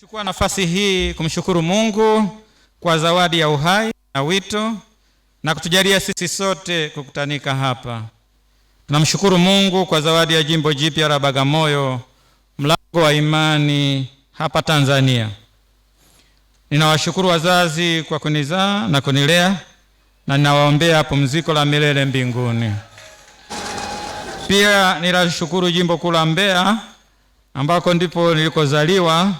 Chukua nafasi hii kumshukuru Mungu kwa zawadi ya uhai na wito na kutujalia sisi sote kukutanika hapa. Tunamshukuru Mungu kwa zawadi ya jimbo jipya la Bagamoyo, mlango wa imani hapa Tanzania. Ninawashukuru wazazi kwa kunizaa na kunilea na ninawaombea pumziko la milele mbinguni. Pia ninashukuru jimbo kuu la Mbeya ambako ndipo nilikozaliwa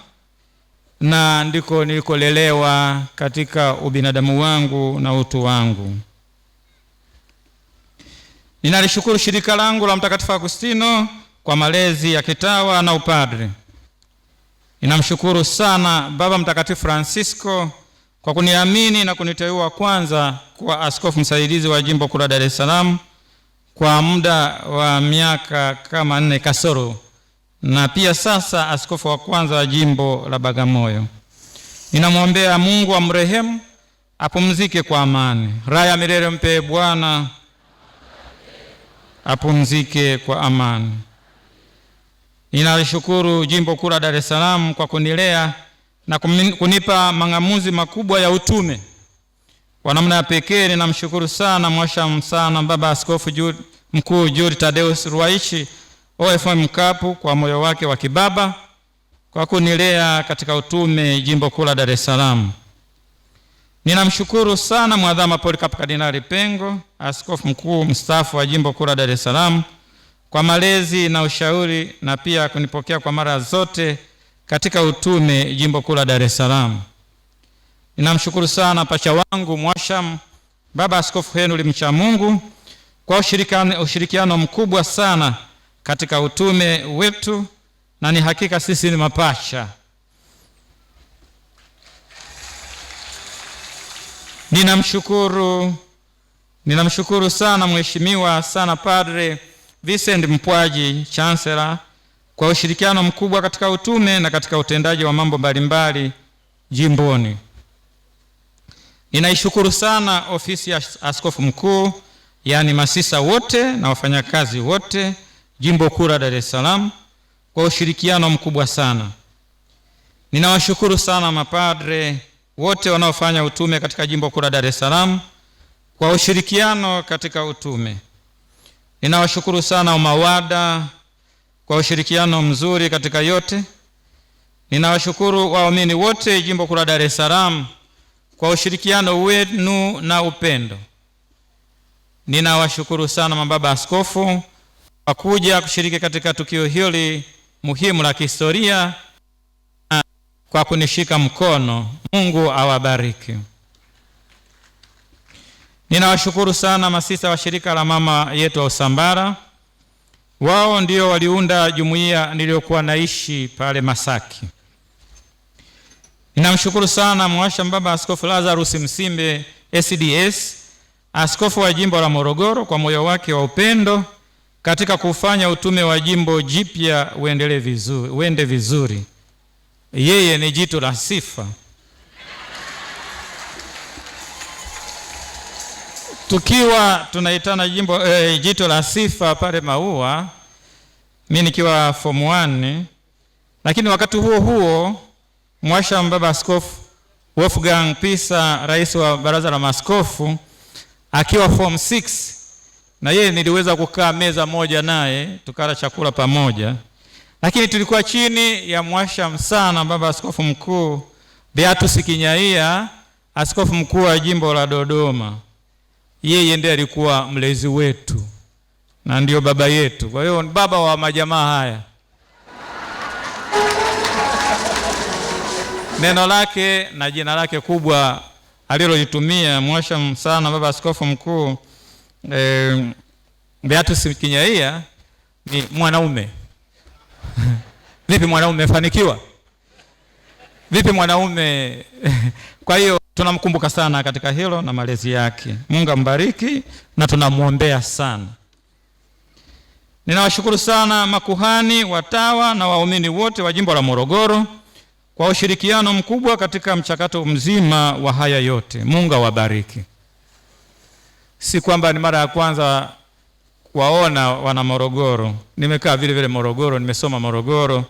na ndiko nilikolelewa katika ubinadamu wangu na utu wangu. Ninalishukuru shirika langu la Mtakatifu Agustino kwa malezi ya kitawa na upadre. Ninamshukuru sana Baba Mtakatifu Francisco kwa kuniamini na kuniteua kwanza kuwa askofu msaidizi wa jimbo kuu la Dar es Salaam kwa muda wa miaka kama nne kasoro na pia sasa askofu wa kwanza wa jimbo la Bagamoyo. Ninamwombea Mungu amrehemu, apumzike kwa amani. Raha ya milele mpe Bwana, apumzike kwa amani. Ninalishukuru jimbo kuu la Dar es Salaam kwa kunilea na kunipa mang'amuzi makubwa ya utume kwa namna ya pekee. Ninamshukuru sana mwasham sana Baba Askofu Mkuu Jude tadeus Ruwaishi OFM Mkapu kwa moyo wake wa kibaba kwa kunilea katika utume jimbo kuu la Dar es Salaam. Ninamshukuru sana Mwadhama Polycarp Kardinali Pengo, askofu mkuu mstaafu wa jimbo kuu la Dar es Salaam kwa malezi na ushauri na pia kunipokea kwa mara zote katika utume jimbo kuu la Dar es Salaam. Ninamshukuru sana pacha wangu Mwasham Baba Askofu Henry Mchamungu kwa ushirikiano, ushirikiano mkubwa sana katika utume wetu, na ni hakika sisi ni mapacha. Ninamshukuru, ninamshukuru sana mheshimiwa sana Padre Vincent Mpwaji Chancellor kwa ushirikiano mkubwa katika utume na katika utendaji wa mambo mbalimbali jimboni. Ninaishukuru sana ofisi ya Askofu Mkuu, yaani masisa wote na wafanyakazi wote jimbo kura Dar es Salaam kwa ushirikiano mkubwa sana. Ninawashukuru sana mapadre wote wanaofanya utume katika jimbo kuu la Dar es Salaam kwa ushirikiano katika utume. Ninawashukuru sana umawada kwa ushirikiano mzuri katika yote. Ninawashukuru waumini wote jimbo kuu la Dar es Salaam kwa ushirikiano wenu na upendo. Ninawashukuru sana mababa askofu kwa kuja kushiriki katika tukio hili muhimu la kihistoria kwa kunishika mkono. Mungu awabariki. Ninawashukuru sana masista wa shirika la mama yetu wa Usambara. Wao ndio waliunda jumuiya niliyokuwa naishi pale Masaki. Ninamshukuru sana mwasha mbaba Askofu Lazarus Msimbe SDS, askofu wa jimbo la Morogoro, kwa moyo wake wa upendo katika kufanya utume wa jimbo jipya uendelee vizuri, uende vizuri. Yeye ni jito la sifa. Tukiwa tunaitana jimbo eh, jito la sifa pale Maua, mi nikiwa form 1, lakini wakati huo huo Mwasha Mbaba Askofu Wolfgang Pisa, rais wa baraza la maaskofu, akiwa form 6 na yeye niliweza kukaa meza moja naye tukala chakula pamoja, lakini tulikuwa chini ya mwasham sana baba askofu mkuu Beatus Kinyaia, askofu mkuu wa jimbo la Dodoma. Yeye ndiye alikuwa mlezi wetu na ndio baba yetu, kwa hiyo baba wa majamaa haya. Neno lake na jina lake kubwa alilolitumia mwasham sana baba askofu mkuu eh, Beatus Kinyaia ni mwanaume vipi mwanaume fanikiwa vipi mwanaume kwa hiyo tunamkumbuka sana katika hilo na malezi yake. Mungu ambariki na tunamwombea sana. Ninawashukuru sana makuhani, watawa na waumini wote wa jimbo la Morogoro kwa ushirikiano mkubwa katika mchakato mzima wa haya yote. Mungu awabariki si kwamba ni mara ya kwanza waona wana Morogoro. Nimekaa vile vile Morogoro, nimesoma Morogoro,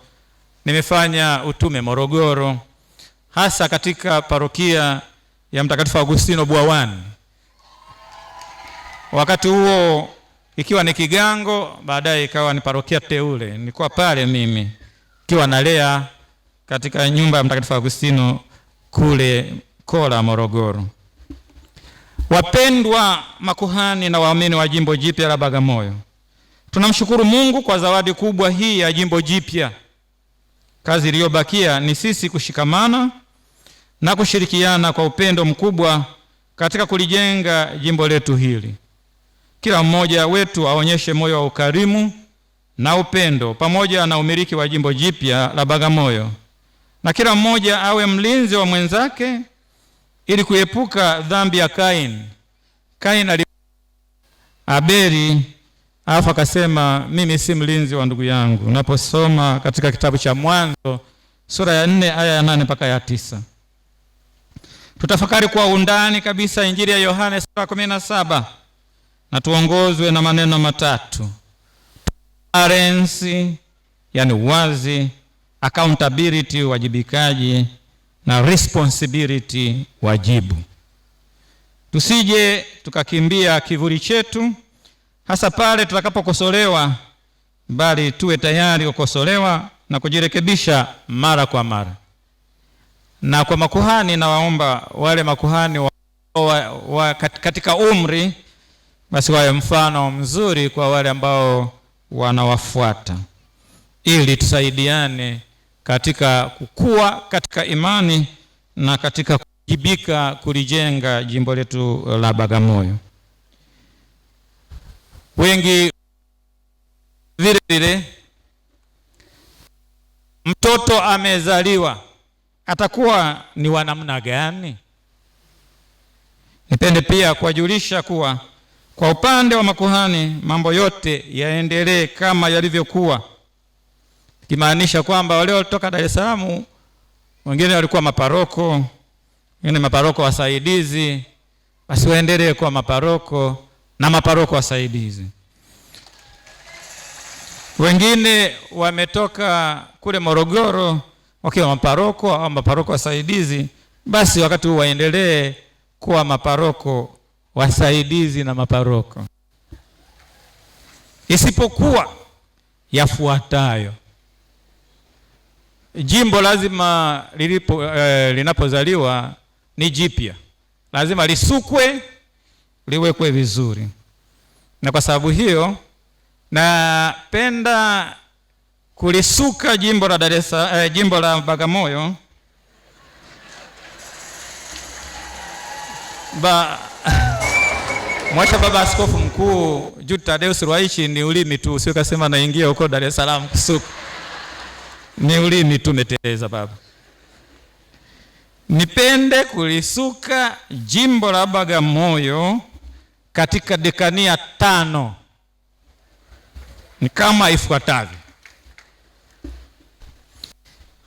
nimefanya utume Morogoro, hasa katika parokia ya Mtakatifu Agustino Bwawani, wakati huo ikiwa ni Kigango, baadaye ikawa ni parokia teule. Nilikuwa pale mimi ikiwa nalea katika nyumba ya Mtakatifu Agustino kule Kola, Morogoro. Wapendwa makuhani na waamini wa jimbo jipya la Bagamoyo, tunamshukuru Mungu kwa zawadi kubwa hii ya jimbo jipya. Kazi iliyobakia ni sisi kushikamana na kushirikiana kwa upendo mkubwa katika kulijenga jimbo letu hili. Kila mmoja wetu aonyeshe moyo wa ukarimu na upendo pamoja na umiliki wa jimbo jipya la Bagamoyo, na kila mmoja awe mlinzi wa mwenzake ili kuepuka dhambi ya Kain. Kain ali Abeli, alafu akasema mimi si mlinzi wa ndugu yangu. Unaposoma katika kitabu cha Mwanzo sura ya nne aya ya nane mpaka ya tisa. Tutafakari kwa undani kabisa Injili ya Yohane sura kumi na saba na tuongozwe na maneno matatu: transparency, yani wazi accountability, uwajibikaji na responsibility, wajibu. Tusije tukakimbia kivuli chetu, hasa pale tutakapokosolewa, bali tuwe tayari kukosolewa na kujirekebisha mara kwa mara. Na kwa makuhani, nawaomba wale makuhani wa, wa, wa katika umri basi wawe mfano mzuri kwa wale ambao wanawafuata, ili tusaidiane katika kukua katika imani na katika kujibika kulijenga jimbo letu uh, la Bagamoyo. Wengi vile vile, mtoto amezaliwa atakuwa ni wa namna gani? Nipende pia kuwajulisha kuwa kwa upande wa makuhani mambo yote yaendelee kama yalivyokuwa kimaanisha kwamba wale walitoka Dar es Salaam wengine walikuwa maparoko, wengine maparoko wasaidizi, basi waendelee kuwa maparoko na maparoko wasaidizi. Wengine wametoka kule Morogoro wakiwa maparoko au maparoko wasaidizi, basi wakati huu waendelee kuwa maparoko wasaidizi na maparoko, isipokuwa yafuatayo. Jimbo lazima lilipo, eh, linapozaliwa ni jipya, lazima lisukwe liwekwe vizuri, na kwa sababu hiyo napenda kulisuka jimbo la Dar es Salaam, eh, jimbo la Bagamoyo ba Mwasha Baba Askofu Mkuu Juta Deus Ruwa'ichi, ni ulimi tu usiwe kasema naingia huko Dar es Salaam kusuka ni ulimi tumeteleza Baba. Nipende kulisuka jimbo la Bagamoyo katika dekania tano ni kama ifuatavyo.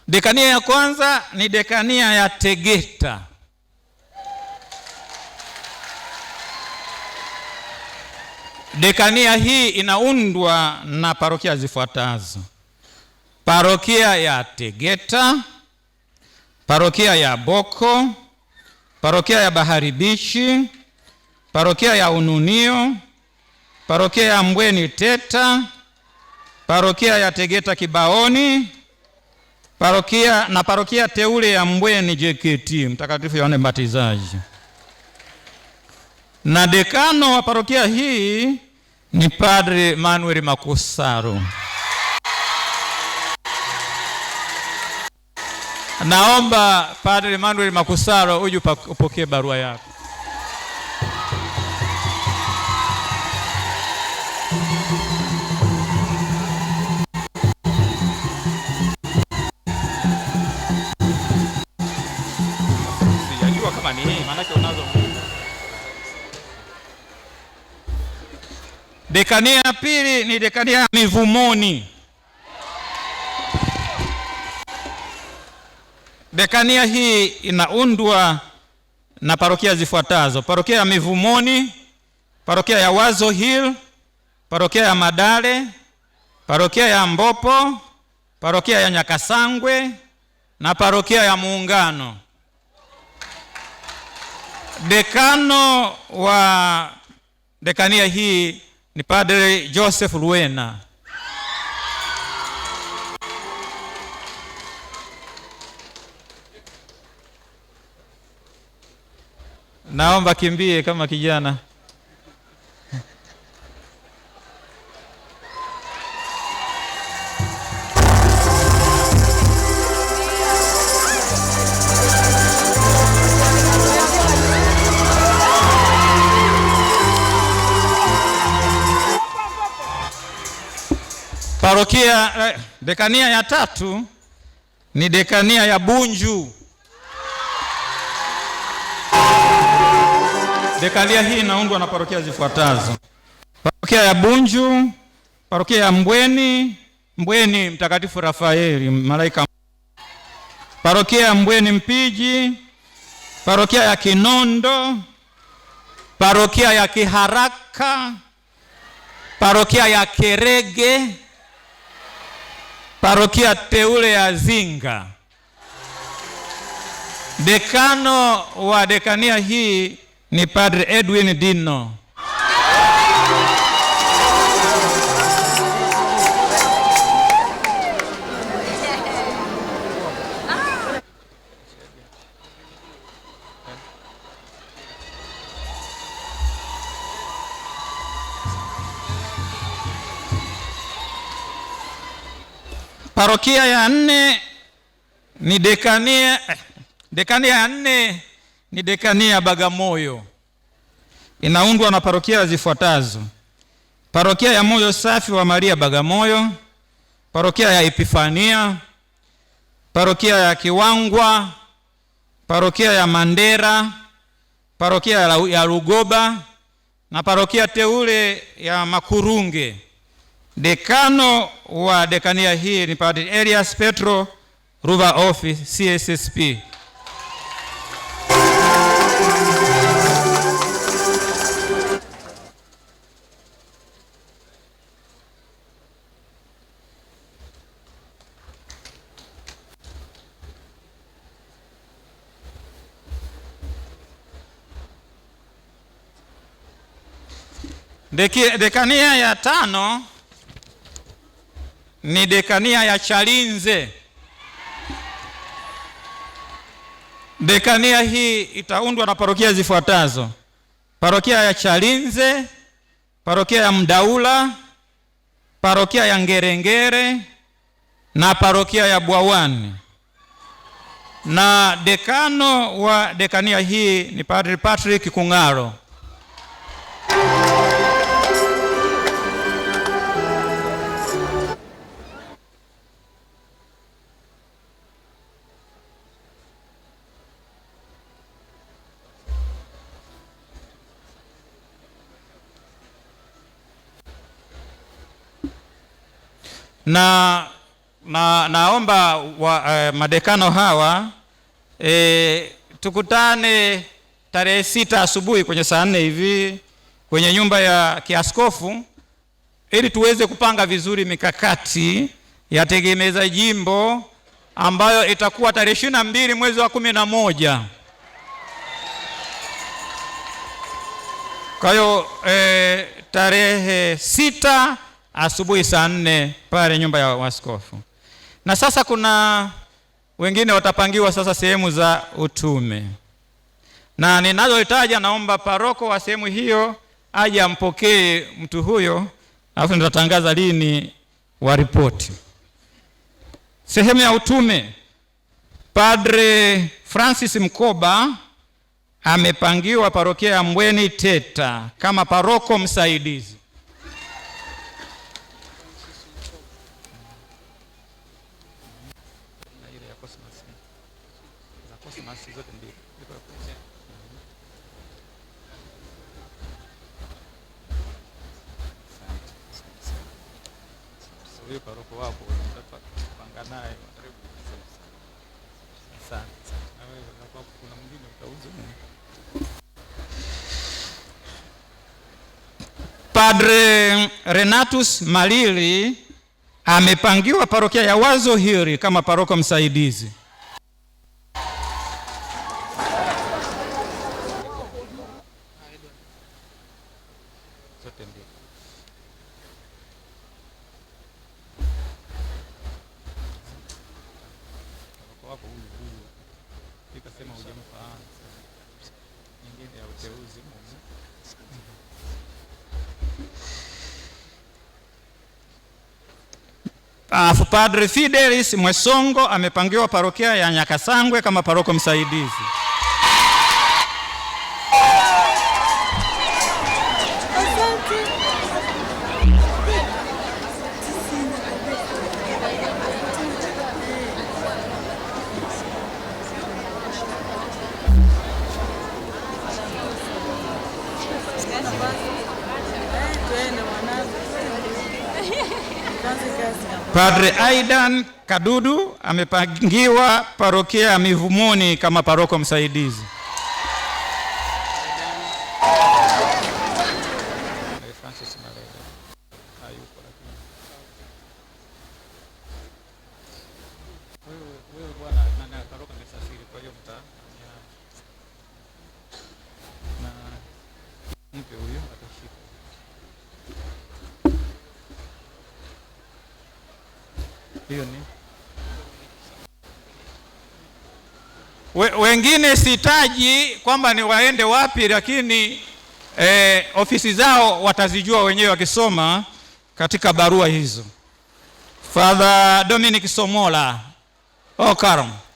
Dekania ya kwanza ni dekania ya Tegeta. Dekania hii inaundwa na parokia zifuatazo: parokia ya Tegeta, parokia ya Boko, parokia ya Bahari Bichi, parokia ya Ununio, parokia ya Mbweni Teta, parokia ya Tegeta Kibaoni, parokia na parokia teule ya Mbweni JKT Mtakatifu Yohane Mbatizaji. Na dekano wa parokia hii ni Padre Manuel Makusaru. Naomba Padre Emmanuel Makusaro uje upokee barua yako. Dekania ya pili ni dekania ya mivumoni. Bekania hii inaundwa na parokia zifuatazo: parokia ya Mivumoni, parokia ya Wazo Hill, parokia ya Madale, parokia ya Mbopo, parokia ya Nyakasangwe na parokia ya Muungano. Dekano wa dekania hii ni Padre Joseph Luena. naomba kimbie kama kijana parokia eh, dekania ya tatu ni dekania ya Bunju. Dekalia hii inaundwa na parokia zifuatazo: parokia ya Bunju, parokia ya Mbweni, Mbweni Mtakatifu Rafaeli malaika, parokia ya Mbweni Mpiji, parokia ya Kinondo, parokia ya Kiharaka, parokia ya Kerege, parokia teule ya Zinga. Dekano wa dekania hii ni Padre Edwin Dino. Parokia ya nne ni dekania, eh, dekania ya nne ni dekania Bagamoyo, inaundwa na parokia zifuatazo: parokia ya Moyo Safi wa Maria Bagamoyo, parokia ya Epifania, parokia ya Kiwangwa, parokia ya Mandera, parokia ya Rugoba na parokia teule ya Makurunge. Dekano wa dekania hii ni Padre Elias Petro Ruva Office CSSP. Deki, dekania ya tano ni dekania ya Chalinze. Dekania hii itaundwa na parokia zifuatazo: parokia ya Chalinze, parokia ya Mdaula, parokia ya Ngerengere na parokia ya Bwawani. Na dekano wa dekania hii ni Padre Patrick Kung'aro. na, na naomba wa, uh, madekano hawa e, tukutane tarehe sita asubuhi kwenye saa nne hivi kwenye nyumba ya kiaskofu ili tuweze kupanga vizuri mikakati ya tegemeza jimbo ambayo itakuwa tarehe ishirini na mbili mwezi wa kumi na moja. Kwa hiyo eh, tarehe sita asubuhi saa nne pale nyumba ya waskofu. Na sasa kuna wengine watapangiwa sasa sehemu za utume, na ninazoitaja, naomba paroko wa sehemu hiyo aje ampokee mtu huyo, alafu nitatangaza lini wa ripoti. Sehemu ya utume, Padre Francis Mkoba amepangiwa parokia ya Mbweni Teta kama paroko msaidizi. Padre Renatus Malili amepangiwa parokia ya Wazo Hili kama paroko msaidizi. Alafu ah, Padre Fidelis Mwesongo amepangiwa parokia ya Nyakasangwe kama paroko msaidizi. Padre Aidan Kadudu amepangiwa parokia ya Mivumoni kama paroko msaidizi. Jioni. We, wengine sitaji kwamba ni waende wapi, lakini eh, ofisi zao watazijua wenyewe wakisoma katika barua hizo. Father Dominic Somola Okaram oh,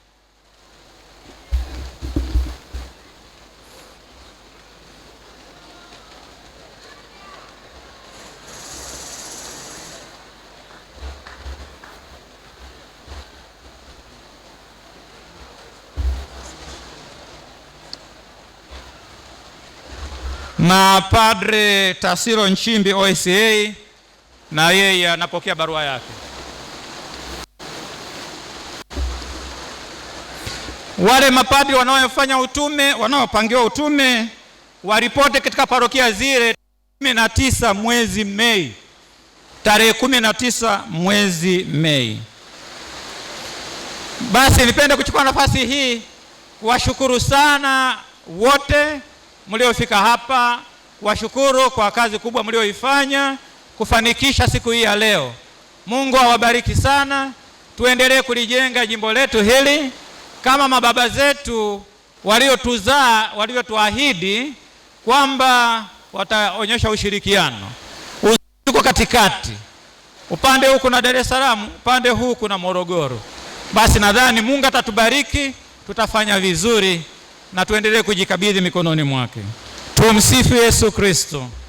Mapadre Tasiro Nchimbi OSA na yeye anapokea barua yake. Wale mapadri wanaofanya utume wanaopangiwa utume waripote katika parokia zile tisa mwezi Mei, tarehe na tisa mwezi Mei. Basi nipende kuchukua nafasi hii kuwashukuru sana wote mliofika hapa, kuwashukuru kwa kazi kubwa mlioifanya kufanikisha siku hii ya leo. Mungu awabariki sana, tuendelee kulijenga jimbo letu hili kama mababa zetu waliotuzaa walivyotuahidi kwamba wataonyesha ushirikiano. Uko katikati, upande huu kuna Dar es Salaam, upande huu kuna Morogoro. Basi nadhani Mungu atatubariki, tutafanya vizuri na tuendelee kujikabidhi mikononi mwake. Tumsifu Yesu Kristo.